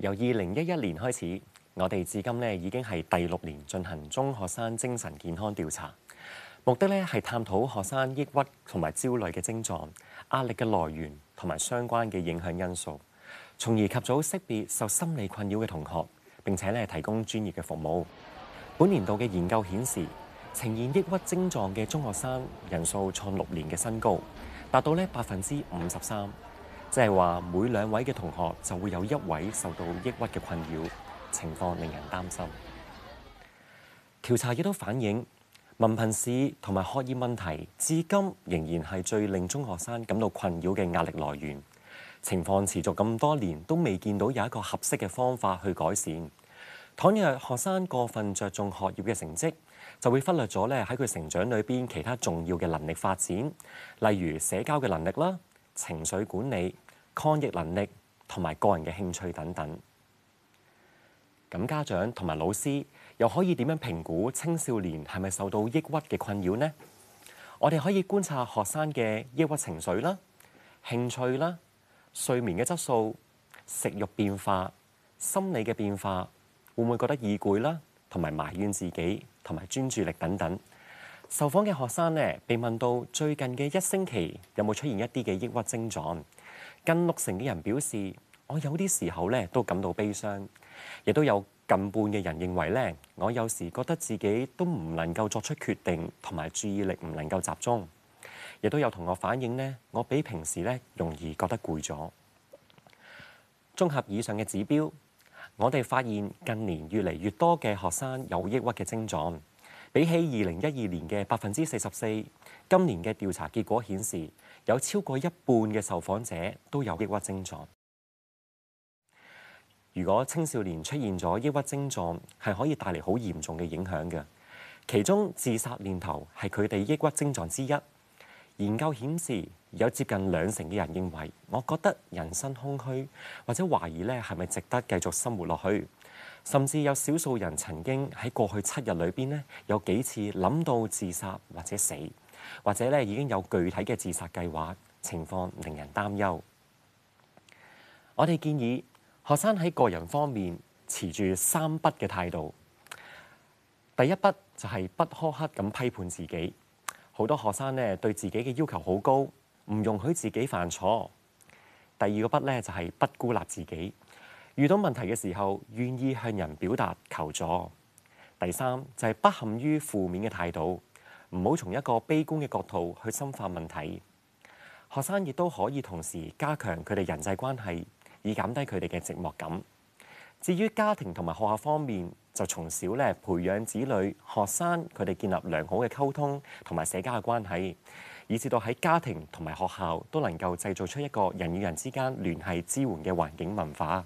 由二零一一年開始，我哋至今呢已經係第六年進行中學生精神健康調查，目的呢係探討學生抑鬱同埋焦慮嘅症狀、壓力嘅來源同埋相關嘅影響因素，從而及早識別受心理困擾嘅同學，並且呢提供專業嘅服務。本年度嘅研究顯示，呈現抑鬱症狀嘅中學生人數創六年嘅新高，達到呢百分之五十三。即係話，每兩位嘅同學就會有一位受到抑鬱嘅困擾，情況令人擔心。調查亦都反映，文憑試同埋學業問題至今仍然係最令中學生感到困擾嘅壓力來源。情況持續咁多年，都未見到有一個合適嘅方法去改善。倘若學生過分着重學業嘅成績，就會忽略咗咧喺佢成長裏邊其他重要嘅能力發展，例如社交嘅能力啦、情緒管理、抗逆能力同埋個人嘅興趣等等，咁家長同埋老師又可以點樣評估青少年係咪受到抑鬱嘅困擾呢？我哋可以觀察學生嘅抑鬱情緒啦、興趣啦、睡眠嘅質素、食欲變化、心理嘅變化，會唔會覺得易攰啦，同埋埋怨自己，同埋專注力等等。受訪嘅學生呢，被問到最近嘅一星期有冇出現一啲嘅抑鬱症狀，近六成嘅人表示，我有啲時候呢都感到悲傷，亦都有近半嘅人認為呢，我有時覺得自己都唔能夠作出決定，同埋注意力唔能夠集中，亦都有同學反映呢，我比平時呢容易覺得攰咗。綜合以上嘅指標，我哋發現近年越嚟越多嘅學生有抑鬱嘅症狀。比起二零一二年嘅百分之四十四，今年嘅調查結果顯示，有超過一半嘅受訪者都有抑鬱症狀。如果青少年出現咗抑鬱症狀，係可以帶嚟好嚴重嘅影響嘅。其中自殺念頭係佢哋抑鬱症狀之一。研究顯示有接近兩成嘅人認為，我覺得人生空虛，或者懷疑呢係咪值得繼續生活落去。甚至有少數人曾經喺過去七日裏邊咧，有幾次諗到自殺或者死，或者咧已經有具體嘅自殺計劃，情況令人擔憂。我哋建議學生喺個人方面持住三不嘅態度。第一不就係不苛刻咁批判自己，好多學生咧對自己嘅要求好高，唔容許自己犯錯。第二個不呢，就係不孤立自己。遇到問題嘅時候，願意向人表達求助。第三就係、是、不陷於負面嘅態度，唔好從一個悲觀嘅角度去深化問題。學生亦都可以同時加強佢哋人際關係，以減低佢哋嘅寂寞感。至於家庭同埋學校方面，就從小咧培養子女學生佢哋建立良好嘅溝通同埋社交嘅關係，以至到喺家庭同埋學校都能夠製造出一個人與人之間聯繫支援嘅環境文化。